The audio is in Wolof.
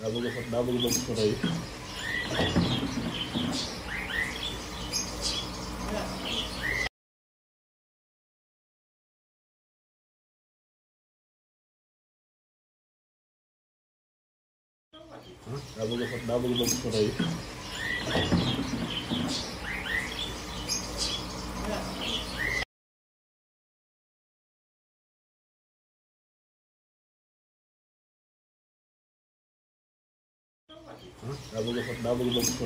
daa bëgg a daa bëgg bëgg photo yi daa bëgg daa bëgg bëgg photo yi daa bëgg a daa bëgg a bokk